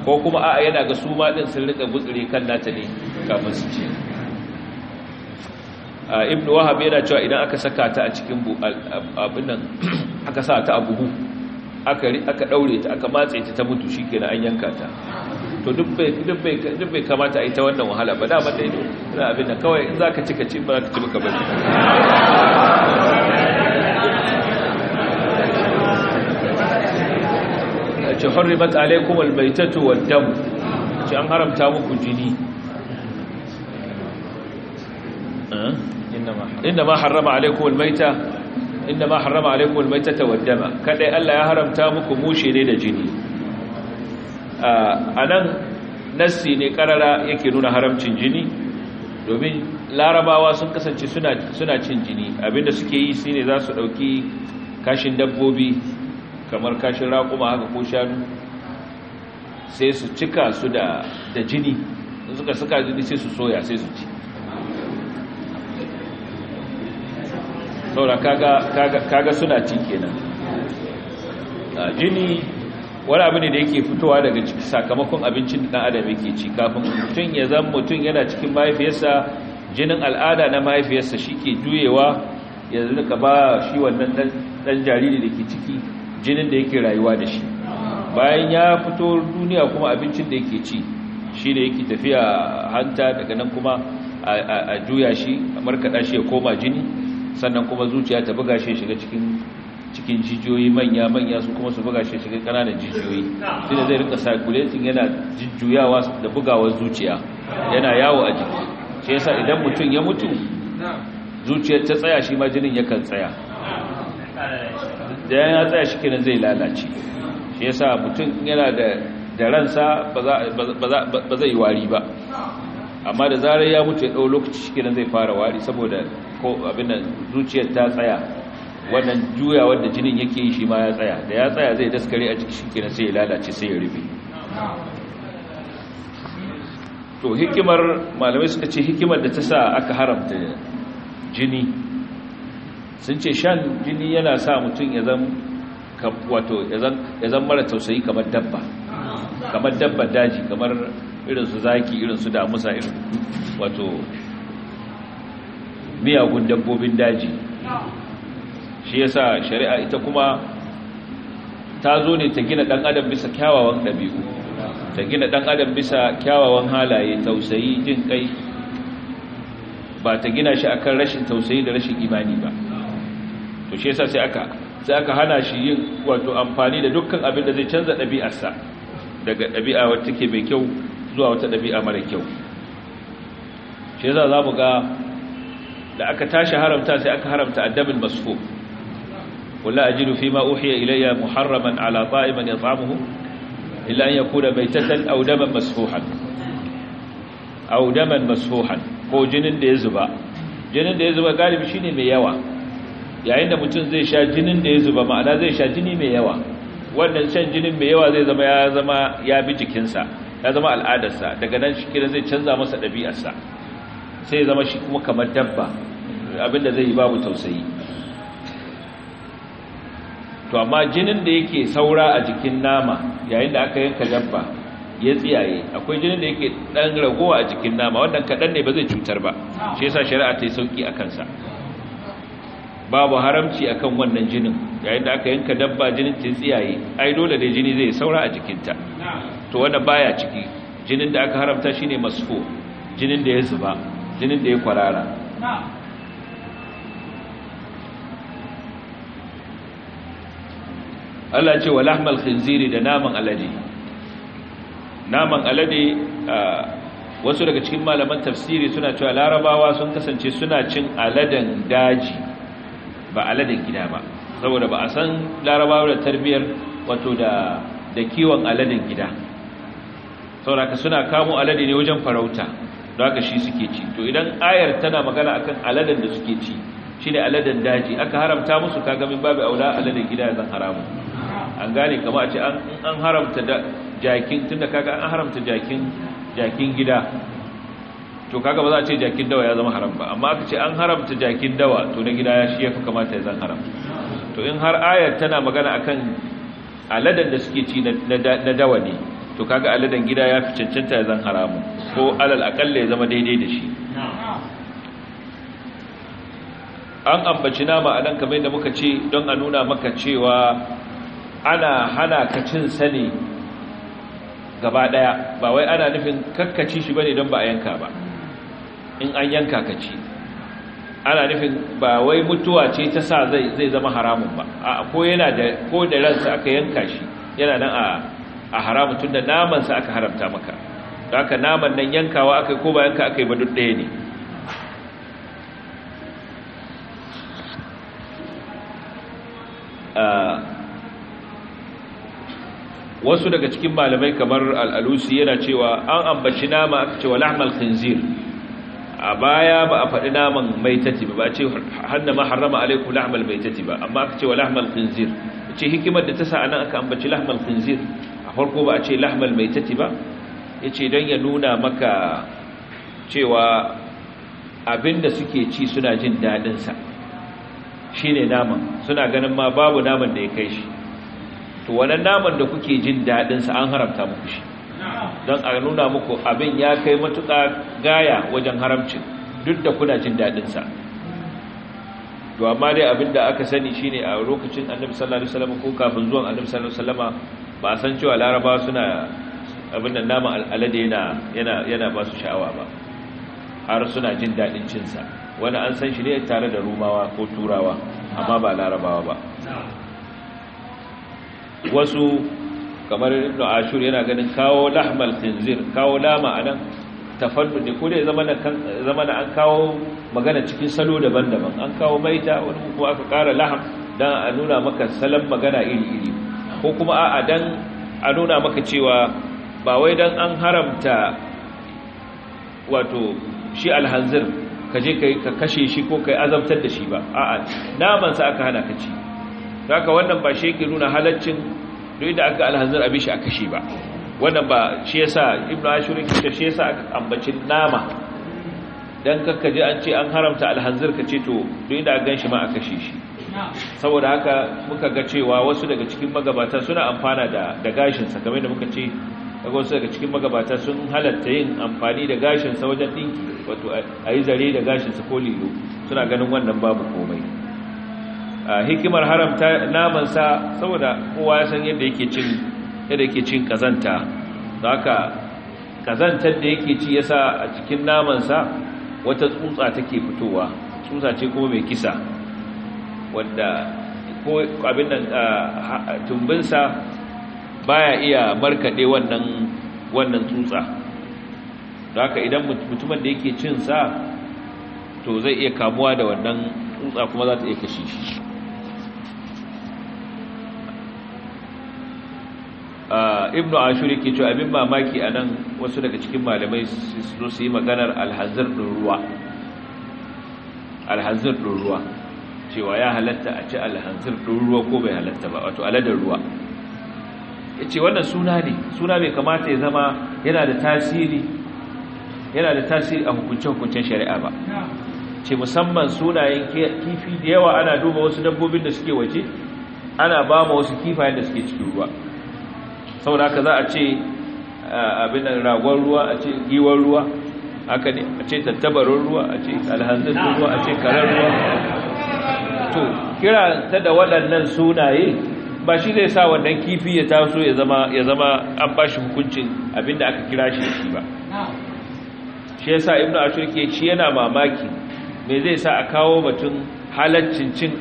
ko kuma a'a yana ga su ma din sun rika gutsire kan nata ne kafin su ci ibn wahab yana cewa idan aka saka ta a cikin abin nan aka sa ta a buhu aka daure ta aka matse ta ta mutu shi an yanka ta to duk bai kamata a yi ta wannan wahala ba dama da ido ina abin da kawai in za ka ci ka ba zaka ci baka bari a ce harimat alaikum albaitatu waddam ce an haramta muku jini inna ma harrama alaikum albaita Inda ma harrama alaikum ta tawaddama kadai Allah ya haramta muku mushe ne da jini a nan nassi ne karara yake nuna haramcin jini domin larabawa sun kasance suna cin jini abinda suke yi shine za su dauki kashin dabbobi kamar kashin raƙuma haka ko shanu sai su cika su da da jini suka suka jini sai su soya sai su ci saura kaga suna ci kenan ah, jini wani abu ne da yake fitowa daga ciki sakamakon abincin da adam yake ci kafin mutum ya zan mutum yana cikin mahaifiyarsa jinin al'ada na mahaifiyarsa shi ke juyewa yanzu ka ba shi wannan dan jariri da ke ciki jinin da yake rayuwa da shi bayan ya fito duniya kuma abincin da yake ci shi da yake tafiya hanta daga nan kuma a juya shi a markaɗa shi ya koma jini sannan kuma zuciya ta buga shi shiga cikin cikin jijiyoyi manya manya su kuma su buga shi shiga kananan jijiyoyi shi da zai rika circulating yana jijjuyawa da bugawar zuciya yana yawo a jiki shi yasa idan mutum ya mutu zuciyar ta tsaya shi ma jinin yakan tsaya da yana tsaya shi kenan zai lalace shi yasa mutum yana da ransa ba zai wari ba amma da zarar ya mutu ya ɗau lokaci shi kenan zai fara wari saboda ko abin zuciyar ta tsaya wannan juya wanda jinin yake yi shi ma ya tsaya da ya tsaya zai daskare a ciki shikenan sai ya lalace sai ya rufe to hikimar malamai suka ce hikimar da ta sa aka haramta jini sun ce shan jini yana sa mutum ya zan wato ya zan mara tausayi kamar dabba kamar dabba daji kamar irin zaki irin damusa irin wato miyagun dabbobin daji shi yasa shari'a ita kuma ta zo ne ta gina ɗan adam bisa kyawawan dabi'u ta gina dan adam bisa kyawawan halaye tausayi jin kai ba ta gina shi akan rashin tausayi da rashin imani ba to shi yasa sai aka sai aka hana shi yin wato amfani da dukkan abin da zai canza ɗabi'arsa daga ɗabi'a wacce take mai kyau zuwa wata ɗabi'a mara kyau shi yasa za mu ga da aka tashi haramta sai aka haramta addabin masfu wala ajidu fi ma uhiya ilayya muharraman ala ta'iman yat'amuhu illa an yakuna baytatan aw daman masfuhan aw daman masfuhan ko jinin da ya zuba jinin da ya zuba galibi shine mai yawa yayin da mutum zai sha jinin da ya zuba ma'ana zai sha jini mai yawa wannan shan jinin mai yawa zai zama ya zama ya bi jikinsa ya zama al'adarsa daga nan shi zai canza masa ɗabi'arsa sai zama shi kuma kamar dabba abinda zai yi babu tausayi to amma jinin da yake saura a jikin nama yayin da aka yanka dabba ya tsiyaye akwai jinin da yake dan ragowa a jikin nama wannan kadan ne ba zai cutar ba shi yasa shari'a ta yi sauki a kansa babu haramci akan wannan jinin yayin da aka yanka dabba jinin ta tsiyaye ai dole da jini zai saura a jikinta to wannan baya ciki jinin da aka haramta shine masfu jinin da ya zuba jinin da ya kwarara Allah ce wa lahmal khinziri da naman alade naman alade wasu daga cikin malaman tafsiri suna cewa larabawa sun kasance suna cin aladen daji ba aladen gida ba saboda ba a san larabawa da tarbiyyar wato da kiwon aladen gida sauraka suna kamo alade ne wajen farauta don shi suke ci to idan ayar tana magana akan aladan da suke ci shi ne aladan daji aka haramta musu kaga min babu aula aladan gida zan haramu an gane kama a ce an haramta jakin tunda kaga an haramta jakin jakin gida to kaga ba za a ce jakin dawa ya zama haram ba amma aka ce an haramta jakin dawa to na gida ya shi ya fi kamata ya zan haram to in har ayar tana magana akan aladan da suke ci na dawa ne to kaga aladan gida ya fi cancanta ya zan haramu. ko alal akalla ya zama daidai da shi an ambaci nama a nan kamar yadda muka ce don a nuna maka cewa ana hana ka cin sani gaba daya ba wai ana nufin kakkaci shi bane don ba a yanka ba in an yanka ka ci ana nufin ba wai mutuwa ce ta sa zai zama haramun ba A'a ko yana da ko da ransa aka yanka shi yana nan a a haramu tun da namansa aka haramta maka haka naman nan yankawa aka ko ba yanka aka yi ba duk ɗaya ne wasu daga cikin malamai kamar al'alusi yana cewa an ambaci nama aka cewa lahmal khinzir a baya ba a faɗi naman mai ba ba ce hannu ma harama alaikum lahmal tati ba amma aka cewa lahmal khinzir ce hikimar da ta sa nan aka ambaci lahmal khinzir farko ba a ce lahmal tati ba Ya ce don ya nuna maka cewa abinda suke ci suna jin daɗinsa. Shi ne naman suna ganin ma babu naman da ya kai shi to wannan naman da kuke jin daɗinsa an haramta muku shi don a nuna muku abin ya kai matuƙa gaya wajen haramcin duk da kuna jin daɗinsa. to amma dai abin da aka sani shine a lokacin annabi sallallahu alaihi wasallam ko kafin zuwan annabi sallallahu alaihi wasallam ba san cewa laraba suna abin da nama al'alade yana ba su sha'awa ba har suna jin daɗin cinsa wani an san shi ne tare da rumawa ko turawa amma ba larabawa ba wasu kamar ibn ashur yana ganin kawo lahmal khinzir kawo lama anan tafannu ne ko dai zama na an kawo magana cikin salo daban-daban an kawo maita wani kuma aka kara laham dan a nuna maka salon magana iri-iri ko kuma a'a dan a nuna maka cewa ba wai dan an haramta wato shi alhanzir ka je ka kashe shi ko ka azabtar da shi ba a'a sa aka hana ka ci haka wannan ba shi yake nuna halaccin duk da aka alhanzir abin shi a kashe ba wannan ba shi yasa ibnu ashuri ke shi yasa aka ambaci nama dan kakkaje an ce an haramta alhanzir ka ce to duk da gan shi ma a kashe shi saboda haka muka ga cewa wasu daga cikin magabata suna amfana da gashinsa kamar da muka ce daga wasu daga cikin magabata sun halatta yin amfani da gashinsa wajen ɗinki wato a zare da gashinsa ko lilo suna ganin wannan babu komai hikimar haramta namansa saboda kowa ya san yadda yake cin cin kazanta da haka kazantar da yake ci yasa a cikin namansa wata tsutsa take fitowa tsutsa ce kuma mai kisa wanda ko abin nan tumbinsa baya iya markade wannan wannan tsutsa don haka idan mutumin da yake cin sa to zai iya kamuwa da wannan tsutsa kuma za ta iya kashe shi ibnu ashur ke cewa abin mamaki a nan wasu daga cikin malamai su su yi maganar alhazir din ruwa alhazir din ruwa cewa ya halatta a ci alhanzir ɗin ruwa ko bai halatta ba wato aladar ruwa ya ce wannan suna ne suna bai kamata ya zama yana da tasiri yana da tasiri a hukunce-hukuncen shari'a ba ce musamman sunayen kifi da yawa ana duba wasu dabbobin da suke waje ana ba ma wasu kifayen da suke cikin ruwa saboda haka za a ce abin da ragon ruwa a ce giwon ruwa haka ne a ce tattabarin ruwa a ce alhazin ruwa a ce karar
ruwa
to kira ta da waɗannan sunaye ba shi zai sa wannan kifi ya taso ya zama ya zama an bashi hukuncin abinda aka kira shi shi ba shi yasa ibnu ashur ke ci yana mamaki me zai sa a kawo batun halaccin cin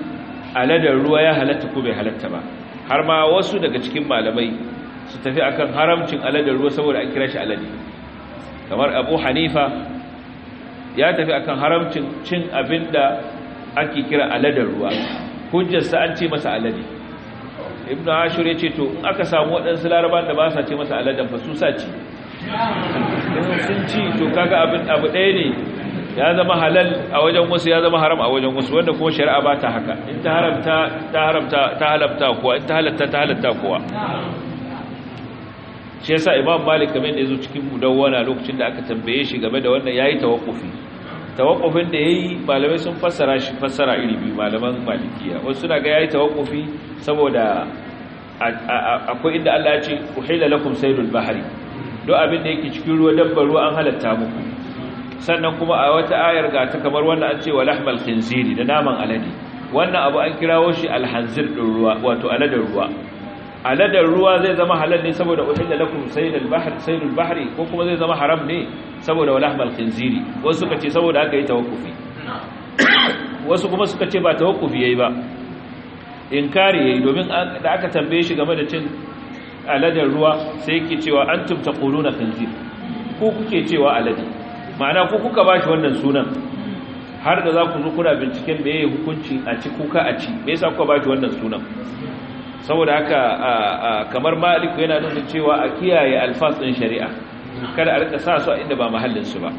aladar ruwa ya halatta ko bai halatta ba har ma wasu daga cikin malamai su tafi akan haramcin aladar ruwa saboda an kira shi alade kamar abu hanifa ya tafi akan haramcin cin abinda ake kira aladar ruwa hujjarsa an ce masa alade ibnu ashur ya ce to in aka samu waɗansu laraban da ba sa ce masa aladan fasu su sa ce sun ci to kaga abin abu ɗaya ne ya zama halal a wajen wasu ya zama haram a wajen wasu wanda kuma shari'a ba ta haka in ta haramta ta haramta ta halalta kuwa in ta halalta ta halalta kuwa shi yasa imam malik kamar da yazo cikin mudawwana lokacin da aka tambaye shi game da wannan yayi tawakkufi tawakufin da ya yi malamai sun fassara shi fassara iri biyu malaman malikiya wasu suna ga ya yi tawakkufi saboda akwai inda Allah ya ce haila lakum saydul bahri Do abin da yake cikin ruwa dabbar ruwa an halatta muku sannan kuma a wata ayar ga ta kamar wannan an ce wa, walahmal khinziri da naman alade wannan abu an kirawo shi alhanzir din ruwa wato aladar ruwa aladar ruwa zai zama halal ne saboda uhilla lakum saydul bahr saydul bahri ko kuma zai zama haram ne saboda walahmal khinziri wasu suka ce saboda aka yi tawakkufi wasu kuma suka ce ba tawakkufi yayi ba inkari yayi domin da aka tambaye shi game da cin aladar ruwa sai yake cewa antum taquluna khinzir ku kuke cewa alade ma'ana ku kuka bashi wannan sunan har da za ku zo kuna binciken meye hukunci a ci kuka a ci me yasa kuka bashi wannan sunan saboda haka kamar maliku yana nufin cewa a kiyaye alfas ɗin shari'a kada a rika sa su a inda ba mahallinsu ba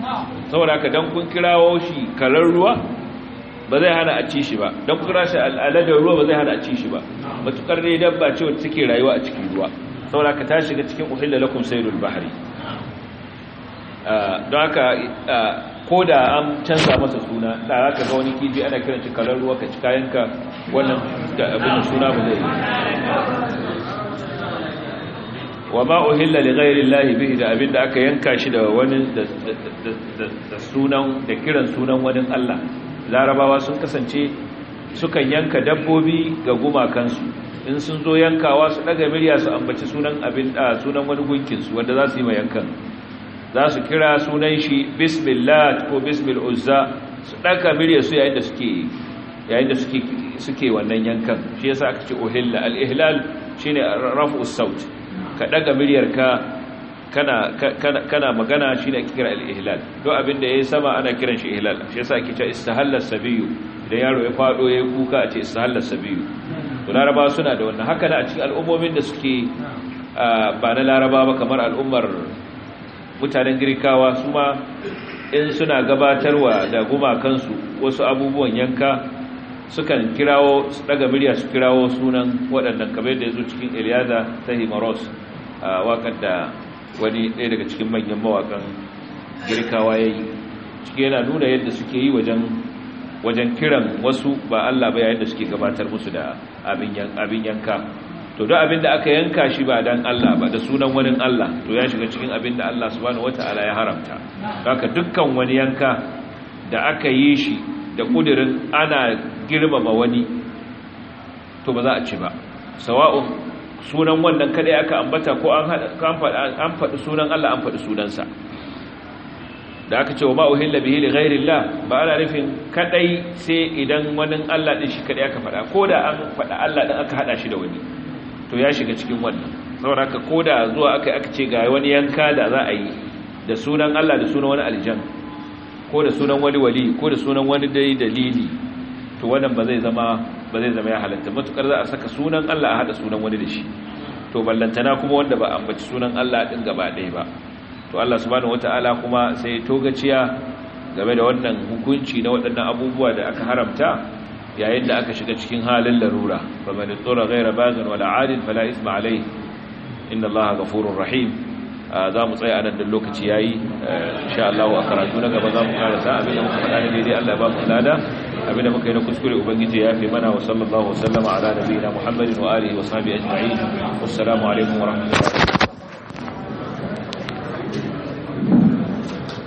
saboda haka don kun kirawo shi kalar ruwa ba zai hana a ci shi ba don kun kira shi al'adar ruwa ba zai hana a ci shi ba matukar ne dabba ce wata take rayuwa a cikin ruwa saboda haka ta shiga cikin uhilla lakum sayrul bahri don haka ko da an canza masa suna da za ka ga wani kiji ana kiran shi kalar ruwa ka ci kayanka wannan da abin suna ba zai wa ma uhilla li ghayri llahi bihi da abin da aka yanka shi da wani da sunan da kiran sunan wani Allah larabawa sun kasance sukan yanka dabbobi ga gumakansu in sun zo yankawa su daga mirya su ambaci sunan abin sunan wani gunkin su wanda za su yi mai yankan za su kira sunan shi bismillah ko bismil uzza su ɗaka miliya su yayin da suke yayin da suke suke wannan yankan shi yasa aka ce uhilla al-ihlal shine rafu saut ka ɗaga miliyar ka kana kana magana shine ake kira al-ihlal duk abin da yayi sama ana kiran shi ihlal shi yasa ake cewa istahalla sabiyu da yaro ya fado yayi kuka a ce istahalla sabiyu to laraba suna da wannan haka da a cikin al'ummomin da suke ba na laraba ba kamar al'ummar mutanen girkawa su ma in suna gabatarwa da gumakansu wasu abubuwan yanka sukan kirawo daga su kirawo sunan waɗannan kamar da ya zo cikin iliyada ta himaros a wakar da wani ɗaya daga cikin manyan mawakan girkawa ya yi ciki yana nuna yadda suke yi wajen kiran wasu ba allah ba yayin da suke gabatar musu da abin yanka to duk abin da aka yanka shi ba dan Allah ba da sunan wani Allah to ya shiga cikin abin da Allah subhanahu wataala ya haramta haka dukkan wani yanka da aka yi shi da kudirin ana girmama wani to ba za a ci ba sawa'u sunan wannan kadai aka ambata ko an faɗi sunan Allah an faɗi sunansa da aka ce wa ma uhilla bihi li ghairillah ba ana nufin kadai sai idan wani Allah din shi kadai aka faɗa ko da an faɗa Allah din aka hada shi da wani to ya shiga cikin wannan saboda haka ko da zuwa aka aka ce ga wani yanka da za a yi da sunan Allah da sunan wani aljan ko da sunan wani wali ko da sunan wani dai dalili to wannan ba zai zama ba zai zama ya halatta matukar za a saka sunan Allah a hada sunan wani da shi to ballantana kuma wanda ba ambaci sunan Allah din gaba ɗaya ba to Allah subhanahu wataala kuma sai togaciya game da wannan hukunci na waɗannan abubuwa da aka haramta yayin da aka shiga cikin halin larura fa man tsura ghayra baghin wala adil fala isma alayhi inna allaha ghafurur rahim za mu tsaya anan dan lokaci yi insha Allah a karatu na gaba za mu karasa abin da muka faɗa ne dai Allah ya ba mu lada abin da muka yi na kuskure ubangiji ya fi mana wa sallallahu wasallama ala na muhammadin wa alihi wa sahbihi ajma'in assalamu alaikum wa rahmatullahi